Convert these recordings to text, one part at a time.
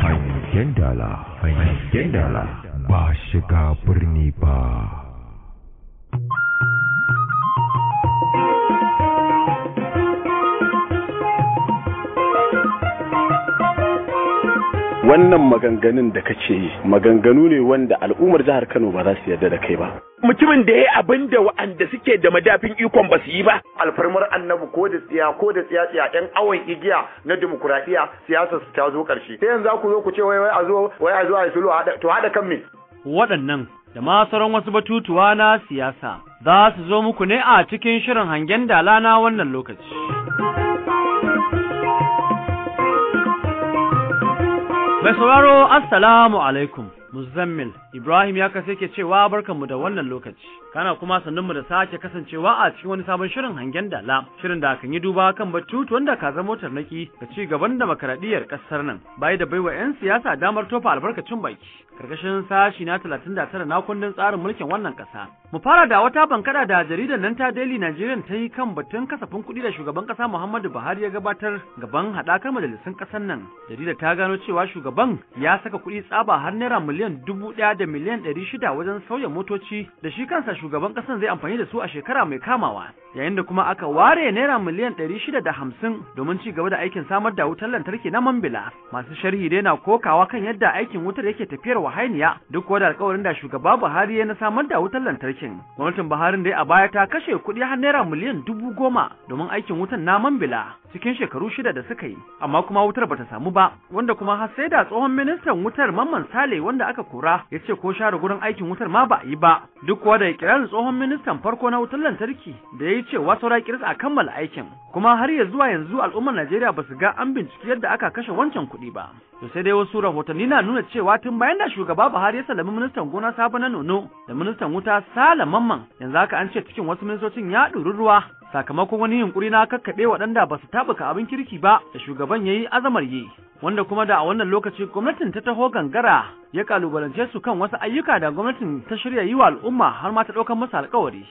Agendala Agendala Bahasa Pernipah Thank you. wannan maganganun da ka ce maganganu ne wanda al'ummar jihar Kano ba za su yarda da kai ba mutumin da ya abin da wa'anda suke da madafin ikon ba su yi ba alfarmar annabi ko da tsiya ko da tsiya tsiya ɗan awon igiya na demokuraɗiyya siyasar su ta zo karshe sai yanzu ku zo ku ce wai wai a zo wai a zo a sulu to haɗa kan me waɗannan da ma sauran wasu batutuwa na siyasa za su zo muku ne a cikin shirin hangen dala na wannan lokaci Mai sauraro Assalamu alaikum. muzammil Ibrahim ya kasa yake cewa barkanmu da wannan lokaci kana kuma sanninmu da sake kasancewa a cikin wani sabon shirin hangen dala shirin da kan yi duba kan batutu wanda ka zama motar naki ga ci gaban da makaradiyar kasar nan bai da baiwa yan siyasa damar tofa albarkacin baki karkashin sashi na 39 na kundin tsarin mulkin wannan kasa mu fara da wata bankada da jaridar nan ta Daily Nigerian ta yi kan batun kasafin kuɗi da shugaban kasa Muhammadu Buhari ya gabatar gaban haɗakar majalisun kasar nan jaridar ta gano cewa shugaban ya saka kuɗi tsaba har naira miliyan miliyan dubu ɗaya da miliyan ɗari shida wajen sauya motoci da shi kansa shugaban ƙasar zai amfani da su a shekara mai kamawa yayin da kuma aka ware naira miliyan ɗari shida da hamsin domin ci gaba da aikin samar da wutar lantarki na mambila masu sharhi dai na kokawa kan yadda aikin wutar yake tafiyar wa wahainiya duk da alƙawarin da shugaba Buhari ya na samar da wutar lantarkin gwamnatin Buhari dai a baya ta kashe kuɗi har naira miliyan dubu goma domin aikin wutar na mambila cikin shekaru shida da suka yi amma kuma wutar bata samu ba wanda kuma har sai da tsohon ministan wutar Mamman Sale wanda aka kura ya ce ko share gurin aikin wutar ma ba a yi ba duk kuwa da kirarin tsohon ministan farko na wutar lantarki da ya yi ce wasu rakiris a kammala aikin kuma har ya zuwa yanzu al'ummar Najeriya ba su ga an binciki yadda aka kashe wancan kuɗi ba. To sai dai wasu rahotanni na nuna cewa tun bayan da shugaba Buhari ya sallami ministan gona Sabo na Nono da ministan wuta Sala Mamman yanzu haka an ce cikin wasu ministocin ya ɗuri ruwa sakamakon wani yunkuri na kakkaɓe waɗanda ba su taɓuka abin kirki ba da shugaban ya yi azamar yi wanda kuma da a wannan lokaci gwamnatin ta taho gangara ya kalubalance su kan wasu ayyuka da gwamnatin ta shirya yi wa al'umma har ma ta ɗaukar musu alkawari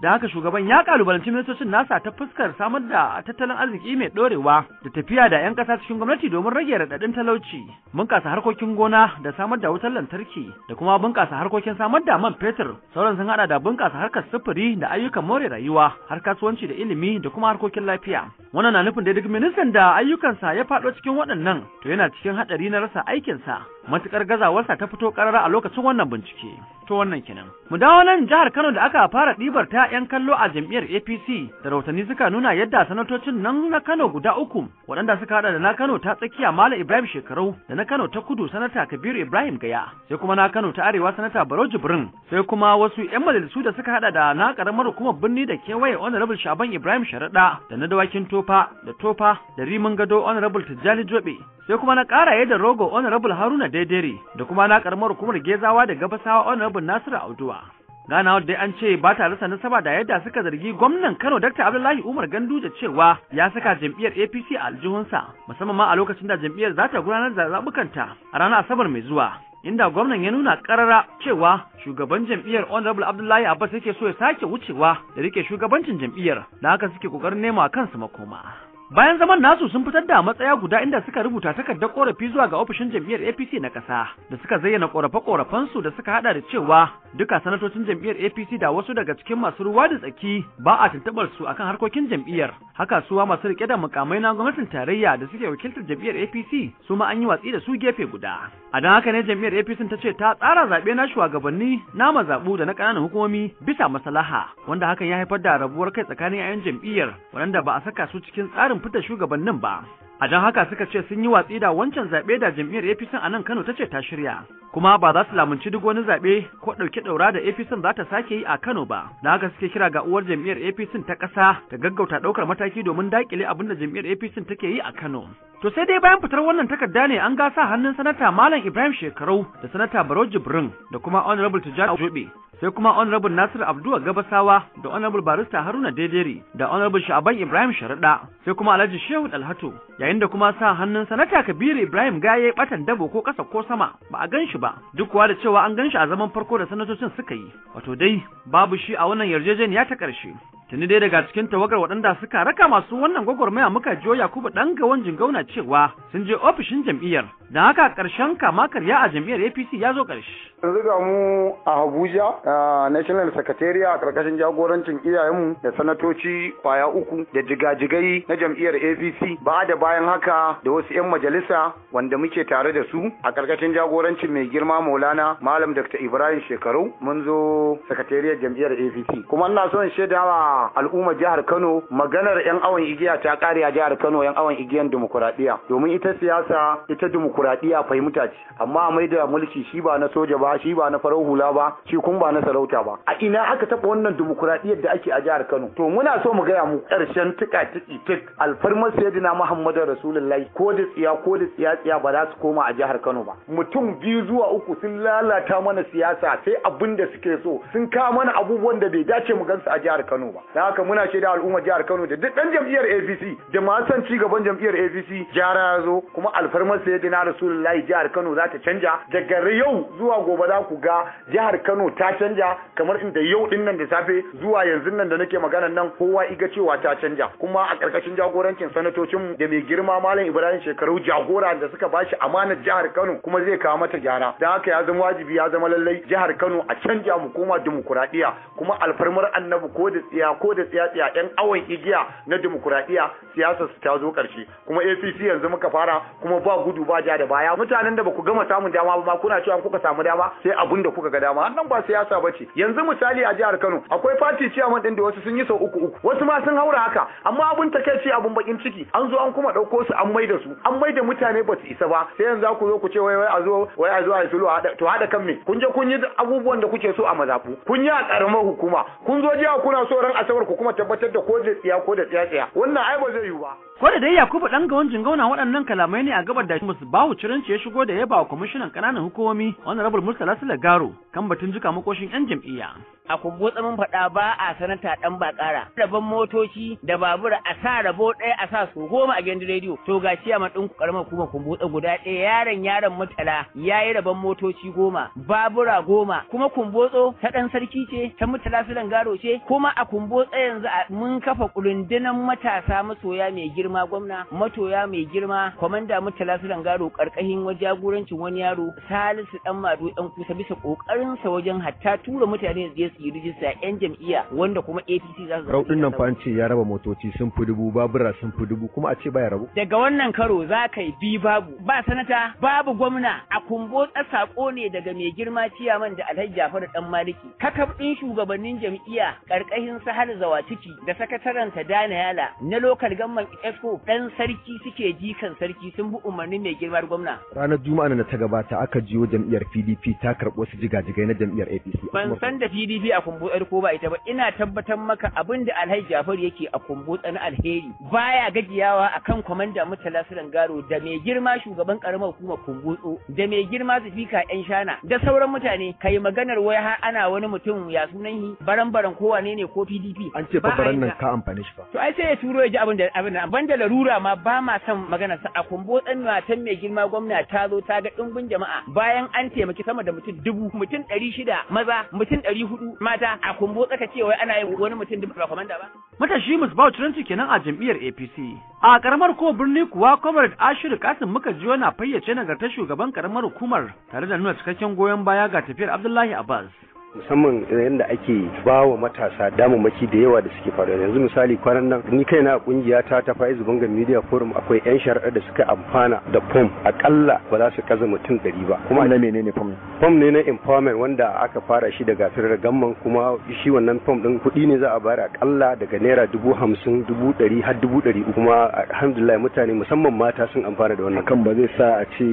da haka shugaban ya kalubalanci ministocin nasa ta fuskar samar da tattalin arziki mai dorewa da tafiya da 'yan ƙasa cikin gwamnati domin rage raɗaɗin talauci bunƙasa harkokin gona da samar da wutar lantarki da kuma bunƙasa harkokin samar da man fetur sauran sun haɗa da bunƙasa harkar sufuri da ayyukan more rayuwa har kasuwanci da ilimi da kuma harkokin lafiya wannan na nufin da duk ministan da ayyukansa ya faɗo cikin waɗannan to yana cikin haɗari na rasa aikinsa matukar gazawarsa ta fito ƙarara a lokacin wannan bincike to wannan kenan mu dawo nan jihar Kano da aka fara ɗibar ta 'yan kallo a jam'iyyar APC da rahotanni suka nuna yadda sanatocin nan na Kano guda uku waɗanda suka haɗa da na Kano ta tsakiya Malam Ibrahim Shekaru da na Kano ta kudu sanata Kabiru Ibrahim Gaya sai kuma na Kano ta arewa sanata Barau Jibrin sai kuma wasu 'yan majalisu da suka haɗa da na ƙaramar hukumar birni da kewaye Honorable Shaban Ibrahim Sharaɗa da na dawakin Tofa da Tofa da Rimin Gado Honorable Tijjani Jobe sai kuma na ƙara da rogo Honorable Haruna Daidere da kuma na ƙaramar hukumar Gezawa da Gabasawa Honorable Nasiru Auduwa. ganawar dai an ce ba ta rasa nasaba da yadda suka zargi gwamnan Kano Dr. Abdullahi Umar Ganduje cewa ya saka jam'iyyar APC a aljihunsa musamman ma a lokacin da jam'iyyar za ta gudanar da zabukanta a ranar Asabar mai zuwa inda gwamnan ya nuna karara cewa shugaban jam'iyyar Honorable Abdullahi Abbas yake so ya sake wucewa da rike shugabancin jam'iyyar da haka suke kokarin nema kansu makoma bayan zaman nasu sun fitar da matsaya guda inda suka rubuta takardar korafi zuwa ga ofishin jam'iyyar APC na ƙasa da suka zayyana korafe su da suka hada da cewa duka sanatocin jam'iyyar APC da wasu daga cikin masu ruwa da tsaki ba a tuntubar su akan harkokin jam'iyyar haka suwa masu rike da mukamai na gwamnatin tarayya da suke wakiltar jam'iyyar APC su ma an yi watsi da su gefe guda a don haka ne jam'iyyar APC ta ce ta tsara zaɓe na shugabanni na mazaɓu da na ƙananan hukumomi bisa maslaha wanda hakan ya haifar da rabuwar kai tsakanin 'ya'yan jam'iyyar waɗanda ba a saka su cikin tsarin tsarin fita shugabannin ba. A don haka suka ce sun yi watsi da wancan zaɓe da jam'iyyar APC a nan Kano ta ce ta shirya. Kuma ba za su lamunci duk wani zaɓe ko ɗauke ɗaura da APC za ta sake yi a Kano ba. Da haka suke kira ga uwar jam'iyyar APC ta ƙasa ta gaggauta ɗaukar mataki domin daƙile abin da jam'iyyar APC take yi a Kano. To sai dai bayan fitar wannan takarda ne an gasa hannun sanata Malam Ibrahim Shekarau da sanata Baro Jibrin da kuma Honorable Tijjani Jobe sai kuma honorable Nasir Abdul Gabasawa da honorable Barista Haruna Dedere da honorable Sha'aban Ibrahim Sharada sai kuma Alhaji Shehu Dalhatu yayin da kuma sa hannun sanata Kabiru Ibrahim Gaye batan dabo ko kasa ko sama ba a ganshi ba duk kuwa da cewa an ganshi a zaman farko da sanatocin suka yi wato dai babu shi a wannan yarjejeniya ta karshe Tuni dai daga cikin tawagar waɗanda suka raka masu wannan gwagwarmaya muka jiyo Yakubu ɗan gawan jingauna cewa sun je ofishin jam'iyyar. da haka ƙarshen kama karya a jam'iyyar APC ya zo ƙarshe. Yanzu ga mu a Abuja, National Secretariat a ƙarƙashin jagorancin iyayenmu da sanatoci kwaya uku da jigajigai na jam'iyyar APC ba da bayan haka da wasu 'yan majalisa wanda muke tare da su a ƙarƙashin jagorancin mai girma Maulana Malam Dr. Ibrahim Shekaru mun zo sakatariyar jam'iyyar APC. Kuma ina son shaidawa A al'ummar jihar Kano maganar yan awon igiya ta kare a jihar Kano yan awon igiyan dimokuraɗiyya domin ita siyasa ita dimokuraɗiyya fahimta ce amma a mai da mulki shi ba na soja ba shi ba na farar hula ba shi kun ba na sarauta ba a ina aka taɓa wannan dimokuraɗiyyar da ake a jihar Kano to muna so mu gaya mu ƙarshen tuka tiki tik alfarmar sayyidina Muhammadu Rasulullahi ko da tsiya ko da tsiya tsiya ba za su koma a jihar Kano ba mutum biyu zuwa uku sun lalata mana siyasa sai abinda suke so sun kawo mana abubuwan da bai dace mu gansu a jihar Kano ba Da haka muna ce da al'ummar jihar Kano da duk dan jam'iyyar APC da ma san ci gaban jam'iyyar APC jara ya zo kuma alfarmar na Rasulullahi jihar Kano za ta canja daga yau zuwa gobe za ku ga jihar Kano ta canja kamar inda yau din nan da safe zuwa yanzu nan da nake magana nan kowa iga cewa ta canja kuma a karkashin jagorancin sanatocin da mai girma Malam Ibrahim Shekaru jagora da suka bashi amanar jihar Kano kuma zai kawo mata gyara Da haka ya zama wajibi ya zama lallai jihar Kano a canja mu koma dimokuraɗiyya kuma alfarmar annabi ko da tsiya ko da tsiya-tsiya yan awon igiya na demokuraɗiyya siyasar su ta zo ƙarshe kuma APC yanzu muka fara kuma ba gudu ba ja da baya mutanen da ba ku gama samun dama ba kuna cewa kuka samu dama sai abun da kuka ga dama wannan ba siyasa ba ce yanzu misali a jihar Kano akwai fati man din da wasu sun yi sau uku uku wasu ma sun haura haka amma abin takeici abin bakin ciki an zo an kuma ɗauko su an maida su an maida mutane ba su isa ba sai yanzu ku zo ku ce wai wai a zo wai a zo a to haɗa kan me kun je kun yi abubuwan da kuke so a mazafu kun yi a ƙaramar hukuma kun zo jiya kuna so ran a asabar ku kuma tabbatar da ko da tsiya ko da tsiya tsiya wannan ai ba zai yiwu ba ko da dai Yakubu dan gawon jingauna waɗannan kalamai ne a gabar da musu bawu Cirinci ya shigo da yaba wa kwamishinan ƙananan hukumomi honorable Murtala Garo kan batun jika makoshin yan jam'iyya a kumbotsa mun faɗa ba a sanata ɗan ba ƙara. Rabon motoci da babura a sa rabo ɗaya a sa su goma a gindin rediyo. To ga ma ɗin ƙaramar kuma kumbotsa guda ɗaya yaron yaron mutala ya yi rabon motoci goma babura goma kuma kumbotso ta ɗan sarki ce ta mutala su garo ce kuma a kumbotsa yanzu mun kafa kulundunan matasa masoya mai girma gwamna matoya mai girma kwamanda mutala su garo ƙarƙashin jagorancin wani yaro salisu ɗan madu ɗan kusa bisa ƙoƙarinsa wajen hatta tura mutane da su yi rijista yan jam'iyya wanda kuma APC za su raudin nan fa an ce ya raba motoci sun fi dubu babura sun fi dubu kuma a ce baya rabu daga wannan karo za ka yi bi babu ba sanata babu gwamna a kumbo sako ne daga mai girma ciyaman da Alhaji Jafaru dan Maliki kakaf din shugabannin jam'iyya karkashin Sahal Zawatiki da sakataren ta Dana Yala na lokal gamman eko dan sarki suke jikan sarki sun bi umarnin mai girma gwamna ranar juma'a da ta gabata aka jiyo jam'iyyar PDP ta karɓo su jigajigai na jam'iyyar APC ban san da PDP bi a kumbutsar ko ba ita ba ina tabbatar maka abin da alhaji jafar yake a kumbutsa na alheri baya gajiyawa akan kwamanda mutala sulan garo da mai girma shugaban karamar hukumar kumbutso da mai girma zafika yan shana da sauran mutane kai maganar wai har ana wani mutum ya sunan shi baran baran ko wane ne ko pdp an ce baran nan ka amfani shi ba to ai sai ya turo ya ji abin da abin ban da larura ma ba ma son magana sa a kumbutsan matan mai girma gwamna ta zo ta ga dimbin jama'a bayan an taimaki sama da mutum dubu mutum ɗari shida maza mutum ɗari hudu mata a kumbu tsaka cewa ana yin wani mutum da ba komanda ba matashi musbau turanci kenan a jam'iyyar APC a karamar ko birni kuwa comrade Ashiru Kasim muka ji wani fayyace nagartar shugaban karamar hukumar tare da nuna cikakken goyon baya ga tafiyar Abdullahi Abbas musamman yadda ake ba wa matasa damamaki da yawa da suke faruwa yanzu misali kwanan nan ni kaina a kungiya ta ta fa'iz bangar media forum akwai yan shari'ar da suka amfana da fom akalla ba za su kaza mutum ɗari ba kuma na menene fom fom ne na empowerment wanda aka fara shi daga firar gamman kuma shi wannan fom din kuɗi ne za a bayar akalla daga naira dubu hamsin dubu ɗari har dubu ɗari kuma alhamdulillah mutane musamman mata sun amfana da wannan kan ba zai sa a ce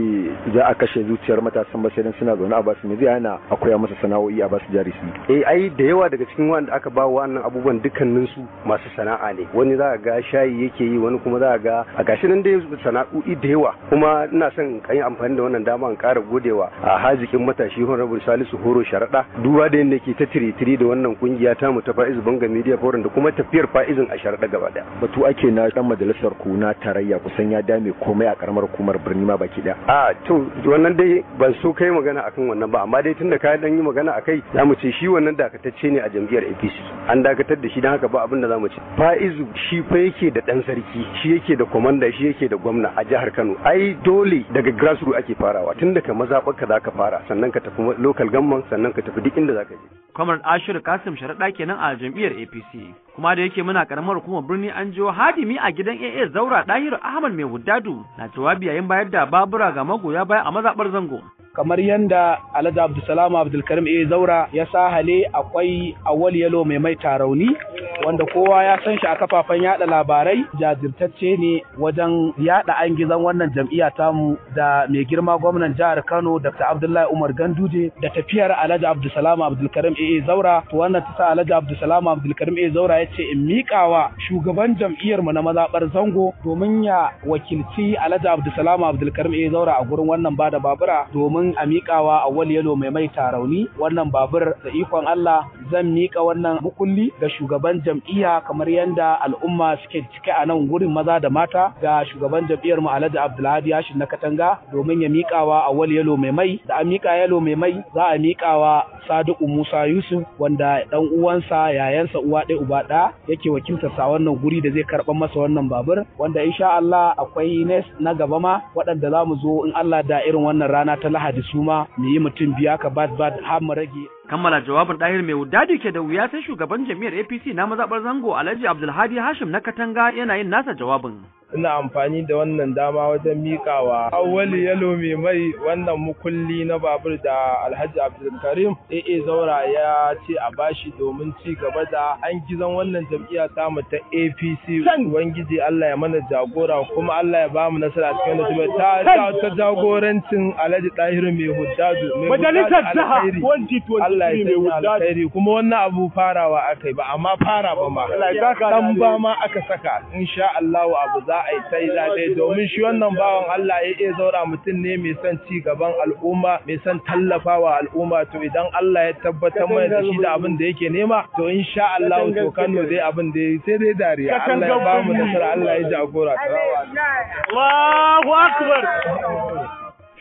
za a kashe zuciyar matasan ba sai dan suna zaune a basu me zai hana akwai masa sana'o'i a basu jari su eh ai da yawa daga cikin wanda aka ba wannan abubuwan dukkanin su masu sana'a ne wani za ga shayi yake yi wani kuma za ga a gashi nan dai sana'o'i da yawa kuma ina son kan yi amfani da wannan dama in ƙara godewa a hazikin matashi honorable salisu horo sharaɗa duba da yadda ke ta tiri da wannan kungiya ta mu ta fa'izu banga media forum da kuma tafiyar fa'izin a sharaɗa gaba daya batu ake na dan majalisar ku na tarayya kusan ya dame komai a karamar hukumar birni ma baki ɗaya a to wannan dai ban so kai magana akan wannan ba amma dai tunda ka dan yi magana akai za mu ce shi wannan dakatacce ne a jam'iyyar apc an dakatar da shi don haka ba abin da za mu ce fa'izu shi fa yake da dan sarki shi yake da komanda shi yake da gwamna a jihar kano ai dole daga grassroots ake farawa tun daga mazaɓarka za ka fara sannan ka tafi local government sannan ka tafi duk inda za ka je comrade Ashir Kasim Sharaɗa kenan a jam'iyyar APC. Kuma da yake muna karamar hukumar birni an jiwo hadimi a gidan AA Zaura Ɗahiru Ahmad Mai Wuddadu na jawabi yayin bayar da babura ga magoya baya a mazaɓar zango. kamar yadda Alhaji Abdulsalam Abdulkarim A Zaura ya sahale akwai Awal Yalo mai mai tarauni wanda kowa ya san shi a kafafen yada labarai jajirtacce ne wajen yada an gizan wannan jam'iyya tamu da mai girma gwamnan jihar Kano Dr. Abdullahi Umar Ganduje da tafiyar Alhaji Abdulsalam Abdulkarim A Zaura to wannan ta sa Alhaji Abdulsalam Abdulkarim A Zaura ya ce in miƙawa shugaban jam'iyyar mu na mazaɓar zango domin ya wakilci Alhaji Abdulsalam Abdulkarim A Zaura a gurin wannan bada babura domin domin a miƙawa a Awwal Yalo mai mai tarauni wannan babur da ikon Allah zan miƙa wannan makulli ga shugaban jam'iyya kamar yadda al'umma suke cike a nan gurin maza da mata ga shugaban jam'iyyar mu Alhaji Abdulhadi Yashin na Katanga domin ya miƙawa a Awwal Yalo mai mai da an miƙa Yalo mai mai za a miƙawa Sadiku Musa Yusuf wanda dan uwansa yayansa uwa ɗaya uba ɗaya yake wakiltar sa wannan guri da zai karɓar masa wannan babur wanda insha Allah akwai na gaba ma waɗanda za mu zo in Allah da irin wannan rana ta Lahadi da su ma mu yi mutum biya ka bad bad har mu rage kammala jawabin ɗahir mai wudadi ke da wuya sai shugaban jami'ar apc na mazaɓar zango alhaji abdulhadi hashim na katanga yana yin nasa jawabin ina amfani da wannan dama wajen mikawa awwali yalo mai mai wannan mukulli na babur da alhaji abdulkarim aa zaura ya ce a bashi domin ci gaba da an gizon wannan jam'iyya tamu ta apc ubangiji allah ya mana jagora kuma allah ya ba mu nasara a cikin wani ta ta jagorancin alhaji ɗahiru mai hujjaju mai hujjaju alhairi Allah ya sanya alkhairi kuma wannan abu farawa akai ba amma fara ba ma dan ba ma aka saka insha Allah abu za a yi sai dai domin shi wannan bawan Allah ya iya zaura mutum ne mai son ci gaban al'umma mai son tallafawa al'umma to idan Allah ya tabbatar mai da shi da abin da yake nema to insha Allah to kanno dai abin da sai dai dariya Allah ya ba mu nasara Allah ya jagora Allahu akbar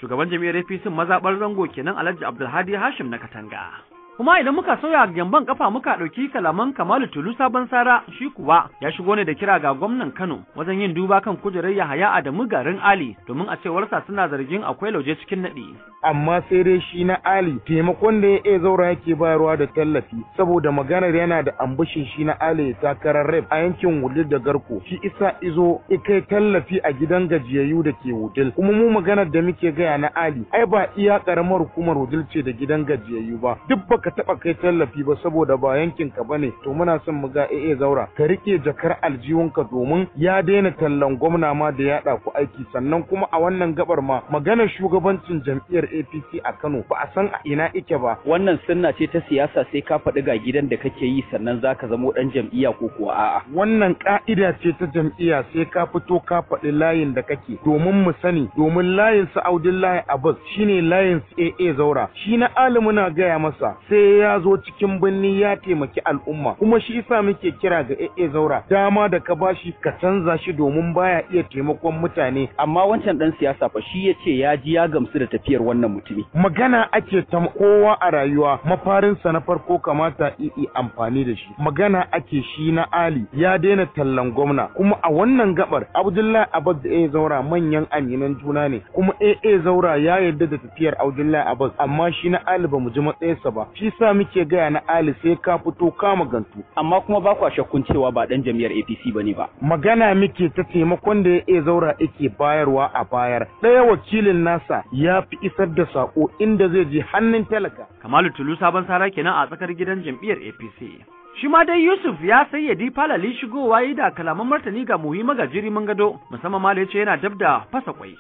shugaban jami'ar APC mazaɓar zango kenan Alhaji Abdulhadi Hashim na Katanga. kuma idan muka sauya gyamban kafa muka ɗauki kalaman Kamalu Tulu sabon Sara shi kuwa ya shigo ne da kira ga gwamnan Kano wajen yin duba kan kujerar Yahaya Adamu garin Ali domin a cewarsa suna zargin akwai lauje cikin naɗi. Amma sai dai shi na Ali taimakon da ya iya zaura yake bayarwa da tallafi saboda maganar yana da ambishin shi na Ali ya takarar rep a yankin Wudil da Garko shi isa izo kai tallafi a gidan gajiyayyu da ke Wudil kuma mu maganar da muke gaya na Ali ai ba iya karamar hukumar Wudil ce da gidan gajiyayyu ba duk baka Ka taba kai tallafi ba saboda ba yankin ka bane to muna son mu ga AA Zaura ka rike jakar aljihunka domin ya daina tallan gwamna ma da ya ku aiki sannan kuma a wannan gabar ma maganar shugabancin jam'iyyar APC a Kano ba a san a ina ike ba wannan sunna ce ta siyasa sai ka faɗi ga gidan da kake yi sannan zaka zamo dan jam'iyya ko kuwa a'a wannan ka'ida ce ta jam'iyya sai ka fito ka faɗi layin da kake domin mu sani domin layin su Abdullahi Abbas shine layin AA Zaura shi na alimu na gaya masa sai sai ya zo cikin birni ya taimaki al'umma kuma shi yasa muke kira ga AA Zaura dama da ka bashi ka canza shi domin baya iya taimakon mutane amma wancan dan siyasa fa shi yace ya ji ya gamsu da tafiyar wannan mutumi magana ake ta kowa a rayuwa mafarinsa na farko kamata i amfani da shi magana ake shi na Ali ya daina tallan gwamna kuma a wannan gabar Abdullahi Abbas da AA Zaura manyan aminan juna ne kuma AA Zaura ya yarda da tafiyar Abdullahi Abbas amma shi na Ali ba mu ji matsayinsa ba shi sa muke gaya na ali sai ka fito ka magantu amma kuma ba kwa shakkun cewa ba dan jam'iyyar APC bane ba magana muke ta taimakon da ya zaura yake bayarwa a bayar ɗaya wakilin nasa ya fi isar da sako inda zai je hannun talaka Kamalu Tulu sabon sara kenan a tsakar gidan jam'iyyar APC Shi ma dai Yusuf ya sayyadi falali shigowa yi da kalaman martani ga muhimman gajiri mun gado musamman ma da yace yana da fasa kwai.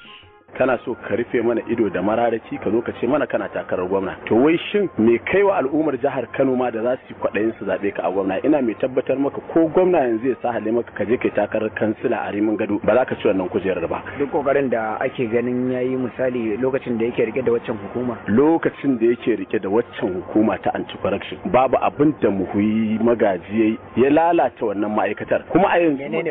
kana so ka rufe mana ido da mararaci ka zo ka ce mana kana takarar gwamna to wai shin me kai wa al'ummar jihar Kano ma da za su yi su zabe ka a gwamna ina mai tabbatar maka ko gwamna yanzu ya hale maka ka je kai takarar kansila a rimin gado ba za ka ci wannan kujerar ba duk kokarin da ake ganin yayi misali lokacin da yake rike da waccan hukuma lokacin da yake rike da waccan hukuma ta anti corruption babu abin da huyi magaji ya lalata wannan ma'aikatar kuma a yanzu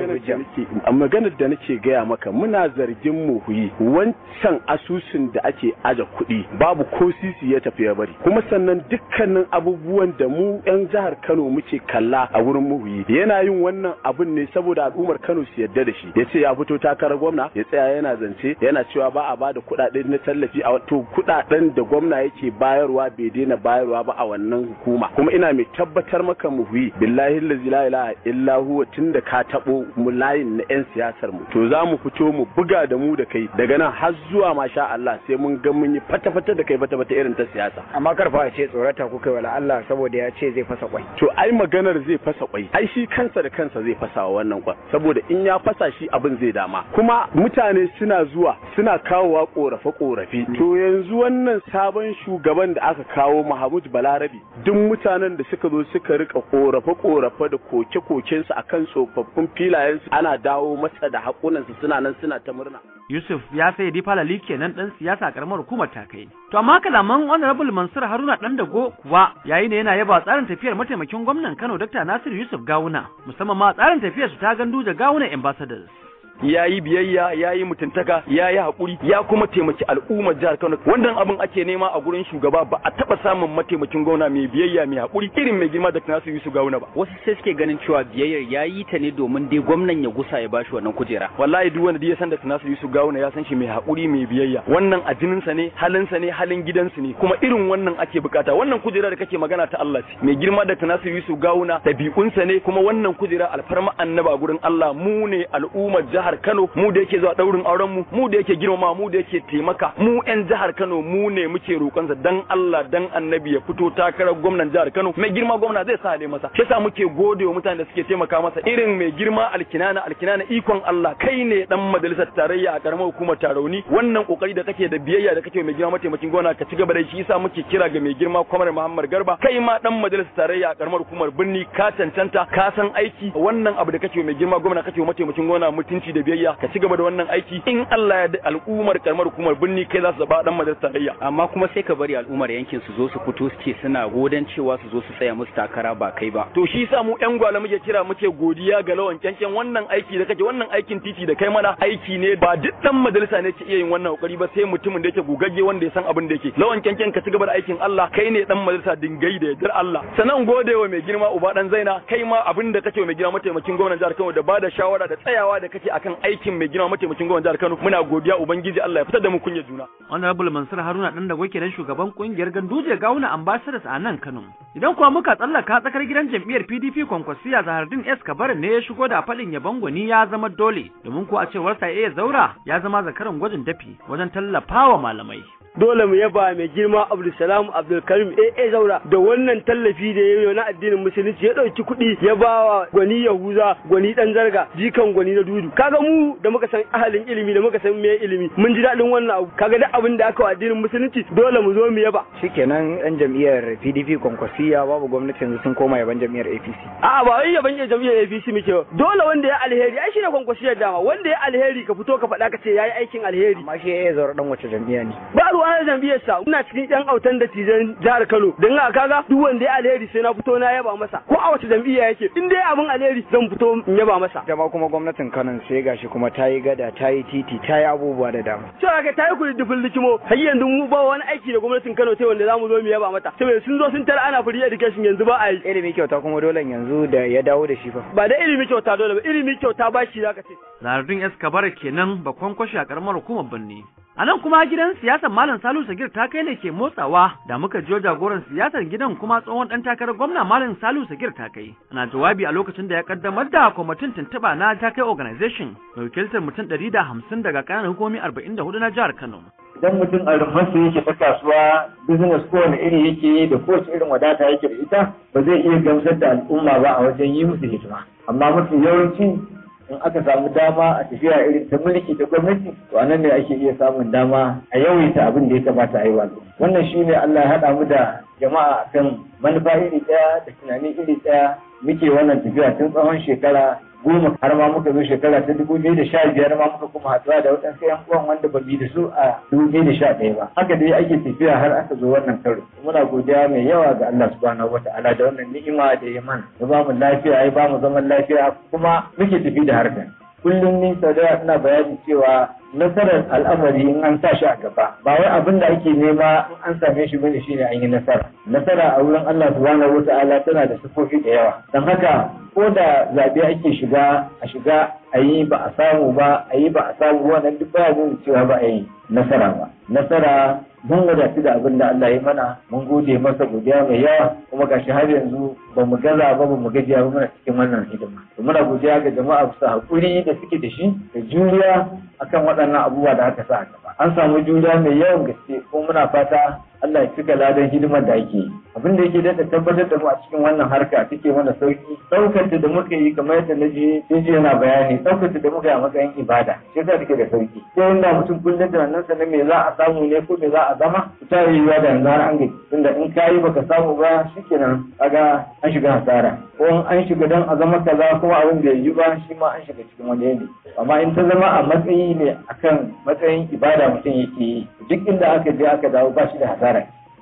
maganar da nake gaya maka muna zargin muhuyi wani san asusun da ake aje kuɗi babu ko sisi ya tafi ya bari kuma sannan dukkanin abubuwan da mu 'yan jihar Kano muke kalla a wurin muhuyi yana yin wannan abun ne saboda al'ummar Kano su yarda da shi ya ce ya fito takarar gwamna ya tsaya yana zance yana cewa ba a bada kuɗaɗe na tallafi a wato kuɗaɗen da gwamna yake bayarwa bai daina bayarwa ba a wannan hukuma kuma ina mai tabbatar maka muhuyi billahi la ilaha illa huwa tunda ka tabo mu layin na 'yan siyasar mu to za mu fito mu buga da mu da kai daga nan har zuwa masha Allah sai mun ga mun yi fata-fata da kai fata-fata irin ta siyasa amma karfa ce tsorata ku kai wala Allah saboda ya ce zai fasa kwai to ai maganar zai fasa kwai ai shi kansa da kansa zai fasa wa wannan kwai saboda in ya fasa shi abin zai dama kuma mutane suna zuwa suna kawowa korafe korafe to yanzu wannan sabon shugaban da aka kawo Mahmud Balarabi duk mutanen da suka zo suka rika korafe korafe da koke koken su akan tsofaffin filayensu, ana dawo masa da hakunan suna nan suna ta murna Yusuf ya sai ya difa lali kenan dan siyasa karamar hukumar ta kai to amma kalaman honorable mansur haruna dan dago kuwa yayi ne yana yaba tsarin tafiyar mataimakin gwamnan kano dr nasiru yusuf gawuna musamman ma tsarin tafiyar su ta gandu da gawuna ambassadors ya yi biyayya ya yi mutuntaka ya yi haƙuri ya kuma taimaki al'ummar jihar Kano wannan abin ake nema a gurin shugaba ba a taɓa samun mataimakin gwamna mai biyayya mai haƙuri irin mai girma da Nasiru Yusuf Gawuna ba wasu sai suke ganin cewa biyayyar ya yi ta ne domin dai gwamnan ya gusa ya bashi wannan kujera wallahi duk wanda ya san da Nasiru Yusuf Gawuna ya san shi mai haƙuri mai biyayya wannan a sa ne halinsa ne halin gidansu ne kuma irin wannan ake bukata wannan kujera da kake magana ta Allah ce mai girma da Nasiru Yusuf Gawuna dabi'unsa ne kuma wannan kujera alfarma annaba gurin Allah mu ne al'ummar jihar jihar Kano mu da yake zuwa daurin auren mu mu da yake girmama mu da yake taimaka mu yan jihar Kano mu ne muke roƙon sa dan Allah dan Annabi ya fito takarar gwamnan jihar Kano mai girma gwamna zai sa masa shi yasa muke gode wa mutanen da suke taimaka masa irin mai girma alkinana alkinana ikon Allah kai ne dan majalisar tarayya a karamar hukumar tarauni wannan kokari da kake da biyayya da kake mai girma mataimakin gwamna ka ci gaba da shi yasa muke kira ga mai girma kwamar Muhammad Garba kai ma dan majalisar tarayya a karamar hukumar birni ka cancanta ka san aiki wannan abu da kake mai girma gwamna kake mataimakin gwamna mutunci da da biyayya ka cigaba gaba da wannan aiki in Allah ya da al'ummar karamar hukumar birni kai za su zaba dan majalisar tarayya amma kuma sai ka bari al'ummar yankin su zo su fito su ce suna godan cewa su zo su tsaya musu takara ba kai ba to shi sa mu yan gwala muke kira muke godiya ga lawan kyankyan wannan aiki da kake wannan aikin titi da kai mana aiki ne ba duk dan majalisa ne ke iya yin wannan kokari ba sai mutumin da yake gogage wanda ya san abin da yake lawan kyankyan ka ci gaba da aikin Allah kai ne dan majalisa dingai da yardar Allah sanan gode wa mai girma uba dan zaina kai ma abin da kake mai girma mataimakin gwamnatin jihar Kano da bada shawara da tsayawa da kake akan akan aikin mai gina mataimakin gwamnati jihar Kano muna godiya ubangiji Allah ya fitar da mu kunya juna honorable Mansur Haruna dan da kenan shugaban kungiyar Ganduje Gawuna ambassadors a nan Kano idan kuwa muka tsallaka tsakar gidan jam'iyyar PDP Kwankwasiya Zahardin S Kabar ne ya shigo da falin yabon gwani ya zama dole domin kuwa a cewar sa ya zaura ya zama zakaran gwajin dafi wajen tallafa wa malamai dole mu yaba mai girma Abdulsalam Abdulkarim AA eh, eh, Zaura da wannan tallafi da ya yi na addinin musulunci ya ɗauki kuɗi ya bawa gwani Yahuza gwani dan zarga jikan gwani na dudu kaga mu da muka san ahalin ilimi da muka san me ilimi mun ji daɗin wannan abu kaga duk abin da aka wa addinin musulunci dole mu zo mu yaba shikenan ɗan jam'iyyar PDP konkwasiya babu gwamnati yanzu sun koma yaban jam'iyyar APC a'a ba wai yaban jam'iyyar APC muke ba dole wanda ya alheri ai shine konkwasiyar dama wanda ya alheri ka fito ka faɗa ka ce yayi aikin alheri amma shi ya zaura dan wace jam'iyya ne ba ruwa a jam'iyyar sa ina cikin yan autan da tijan jihar Kano don haka kaga duk wanda ya alheri sai na fito na yaba masa ko a wace jam'iyya yake in dai abin alheri zan fito in yaba masa da ma kuma gwamnatin Kano sai gashi kuma ta yi gada ta yi titi ta yi abubuwa da dama cewa ka ta yi kudi likimo har yanzu mu ba wani aiki da gwamnatin Kano sai wanda zamu zo mu yaba mata saboda sun zo sun tara ana free education yanzu ba a yi ilimi kyauta kuma dole yanzu da ya dawo da shi fa ba da ilimi kyauta dole ba ilimi kyauta ba shi zaka ce Lardin Escobar kenan bakon kwashi a karamar hukumar Birni A nan kuma gidan siyasar Malam Salu Sagir ta kai ne ke motsawa da muka jiyo jagoran siyasar gidan kuma tsohon ɗan takarar gwamna Malam Salu Sagir ta kai. Ana jawabi a lokacin da ya kaddamar da kwamitin tuntuɓa na takai organization mai wakiltar mutum ɗari da hamsin daga ƙananan hukumomi arba'in da hudu na jihar Kano. Idan mutum a rufansa yake ta kasuwa business kowane iri yake da kowace irin wadata yake da ita ba zai iya gamsar da al'umma ba a wajen yi musu hidima. Amma mafi yawanci in aka samu dama a tafiya irin ta mulki da gwamnati to a ne ake iya samun dama a yawaita abin da ya kamata a yi wa wannan shine Allah ya haɗa mu da jama'a kan manufa iri ɗaya da tunani iri ɗaya muke wannan tafiya tun tsawon shekara goma har ma muka zo shekara ta dubu biyu da sha biyar ma muka kuma haɗuwa da waɗansu yan uwan wanda ba mu da su a dubu biyu da sha ɗaya ba haka dai ake tafiya har aka zo wannan karo muna godiya mai yawa ga Allah subhanahu wataala da wannan ni'ima da ya mana ya ba mu lafiya ya ba mu zaman lafiya kuma muke tafi da harkar kullum ni da ina bayani cewa nasarar al'amari in an sa shi a gaba ba wai abin da ake nema in an same shi bane shine an yi nasara nasara a wurin Allah subhanahu Ta'ala, tana da sifofi da yawa don haka ko da zabe ake shiga a shiga Ayi ba a samu ba a yi ba a samu wannan duk baya cewa ba ayi nasara ba nasara mun wadatu da abin da Allah ya mana mun gode masa godiya mai yawa kuma gashi har yanzu ba mu gaza ba ba mu gajiya ba muna cikin wannan hidima to muna godiya ga jama'a su hakuri da suke da shi da juriya akan waɗannan abubuwa da aka sa a gaba an samu juriya mai yawan gaske kuma muna fata Allah ya cika ladan hidimar da ake abin da yake daɗa tabbatar da mu a cikin wannan harka take mana sauki daukar da muka yi kamar yadda na je yana bayani daukar da muka yi a matsayin ibada shi yasa take da sauki sai inda mutum kullum da nan sanin me za a samu ne ko me za a zama ta yiwuwa da yanzu har an gaji tunda in kayi baka samu ba shikenan kaga an shiga hasara ko an shiga dan a zama kaza kuma abin da yi ba shi ma an shiga cikin wani yanayi amma in ta zama a matsayi ne akan matsayin ibada mutum yake yi duk inda aka je aka dawo ba shi da hasara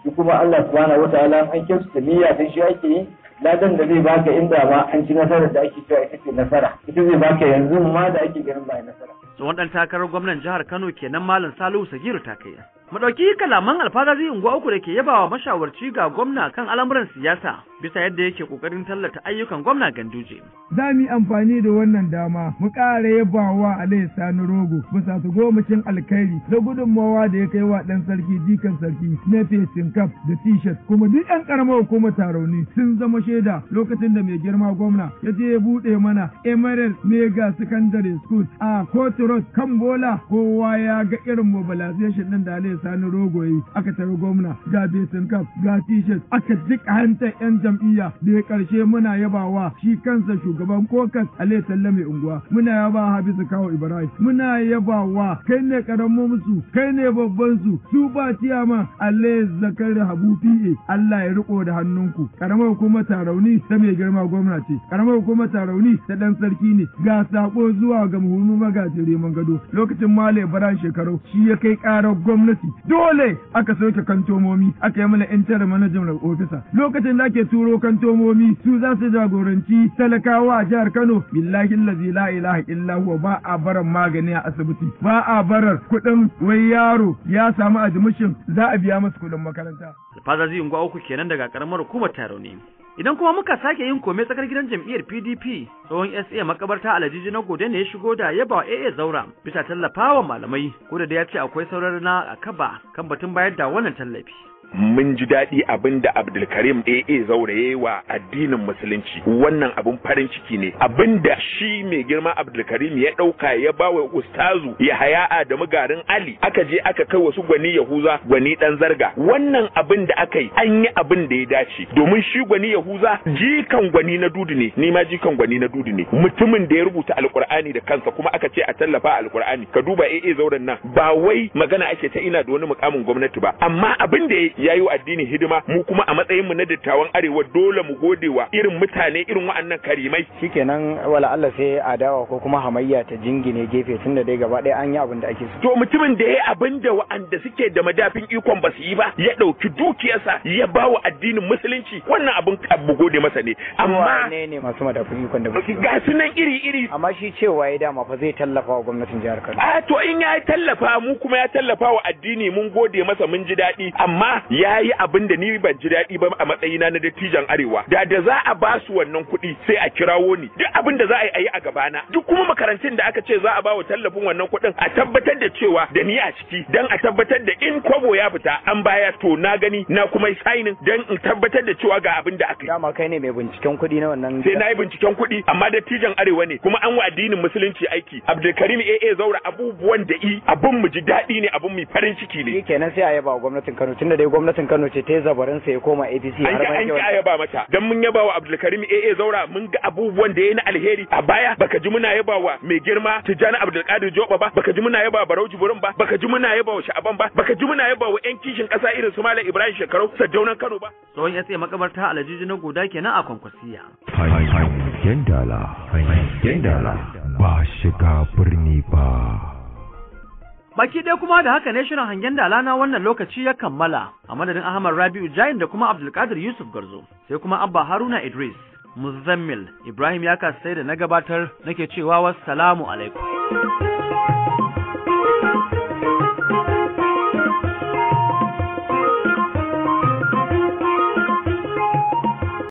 shi kuma Allah subhanahu wataala an kyautata niyya dan shi ake yi ladan da zai baka inda ma an ci nasarar da ake cewa ita ce nasara ita zai baka yanzu ma da ake ganin ba nasara. tsohon ɗan takarar gwamnan jihar kano kenan malam salihu sagiru ta kai Mu ɗauki kalaman alfadari unguwa uku da ke yabawa mashawarci ga gwamna kan al'amuran siyasa bisa yadda yake ƙoƙarin tallata ayyukan gwamna Ganduje. Za mu yi amfani da wannan dama mu ƙara yabawa Alayhi Sani Rogo bisa su cin alkhairi da gudunmawa da ya kai wa ɗan sarki jikan sarki na fesin kaf da t-shirt kuma duk ƴan ƙaramar hukumar tarauni sun zama shaida lokacin da mai girma gwamna ya je ya buɗe mana Emirates Mega Secondary School a Court Road bola kowa ya ga irin mobilization ɗin da Alayhi sanin rogo rogoyi aka tare gwamna ga besin kaf ga t aka duk hantar yan jam'iyya da ya karshe muna yabawa shi kansa shugaban kokas alai sallame unguwa muna yaba habisu kawo ibrahim muna yabawa kai ne karamin musu kai ne babban su su ba ciyama alai zakari habu fiye. allah ya riko da hannunku karamar hukumar tarauni ta mai girma gwamna ce karamar hukumar tarauni ta dan sarki ne ga sako zuwa ga muhimmin magajin reman gado lokacin male baran shekaru shi ya kai karar gwamnati aiki dole aka soke kantomomi aka yi mana intar manajan ofisa lokacin da ake turo kantomomi su za su jagoranci talakawa a jihar Kano billahi lazi la ilaha illa huwa ba a baran magani a asibiti ba a barar kuɗin wai yaro ya samu admission za a biya masa kuɗin makaranta. Fazazi unguwa uku kenan daga karamar hukumar Taro ne. idan kuma muka sake yin kome tsakar gidan jam'iyyar PDP tsohon SA makabarta Aladiji na gode ne ya shigo da yaba wa AA Zaura bisa tallafawa malamai ko da ya ce akwai saurar na akaba kan batun bayar da wannan tallafi mun ji daɗi abin da Abdulkarim zaura zauraye wa addinin musulunci wannan abin farin ciki ne abin da shi mai girma Abdulkarim ya ɗauka ya ba wa ustazu ya haya'a da mugarin Ali aka je aka kai wasu gwani Yahuza gwani ɗan zarga wannan abin da aka yi an yi abin da ya dace domin shi gwani Yahuza jikan gwani na dudu ne ni ma jikan gwani na dudu ne mutumin da ya rubuta alkur'ani da kansa kuma aka ce a tallafa alkur'ani ka duba AA zauren nan ba wai magana ake ta ina da wani mukamin gwamnati ba amma abin da ya ya yi wa addini hidima mu kuma a matsayin mu na dattawan arewa dole mu gode wa irin mutane irin wa'annan karimai shikenan wala Allah sai adawa ko kuma hamayya ta jingine gefe tunda dai gaba ɗaya an yi abin da ake so to mutumin da ya abin da wa'anda suke da madafin ikon ba su yi ba ya ɗauki dukiyarsa ya ba wa addinin musulunci wannan abin abu gode masa ne amma ne ne masu madafin ikon da ba su ga iri iri amma shi cewa ya dama fa zai tallafa wa gwamnatin jihar Kano a to in ya tallafa mu kuma ya tallafa wa addini mun gode masa mun ji daɗi amma ya yi abin da ni ban ji daɗi ba a matsayina na dattijan arewa da da za a ba su wannan kuɗi sai a kirawo ni duk abin da za a yi a yi a gabana duk kuma makarantun da aka ce za a ba wa tallafin wannan kuɗin a tabbatar da cewa da ni a ciki dan a tabbatar da in kwabo ya fita an baya to na gani na kuma sainin dan in tabbatar da cewa ga abin da aka yi dama kai ne mai binciken kuɗi na wannan sai na yi binciken kuɗi amma dattijan arewa ne kuma an wa addinin musulunci aiki abdulkarim aa zaura abubuwan da i abin mu ji daɗi ne abin mu farin ciki ne kenan sai a yaba gwamnatin kano tunda dai wai gwamnatin Kano ce ta yi zabarin sa ya koma APC har ma an ki yaba mata dan mun yaba wa Abdulkarim AA Zaura mun ga abubuwan da yayi na alheri a baya baka ji muna yaba wa mai girma Tijjani Abdulkadir Joba ba baka ji muna yaba Barau Jibrin ba baka ji muna yaba wa Sha'aban ba baka ji muna yaba wa yan kishin ƙasa irin su Malam Ibrahim Shekarau jaunan Kano ba tsohon ya tsaye makabarta Alhaji na goda kenan a Kwankwasiya Gendala Gendala ba shiga birni ba Baki ɗaya kuma da haka ne shirin hangen dala alana wannan lokaci ya kammala a madadin Ahmad Rabi'u Jain da kuma Abdulkadir Yusuf Garzo sai kuma Abba Haruna Idris Muzammil Ibrahim ya sai da na gabatar nake cewa wassalamu alaikum.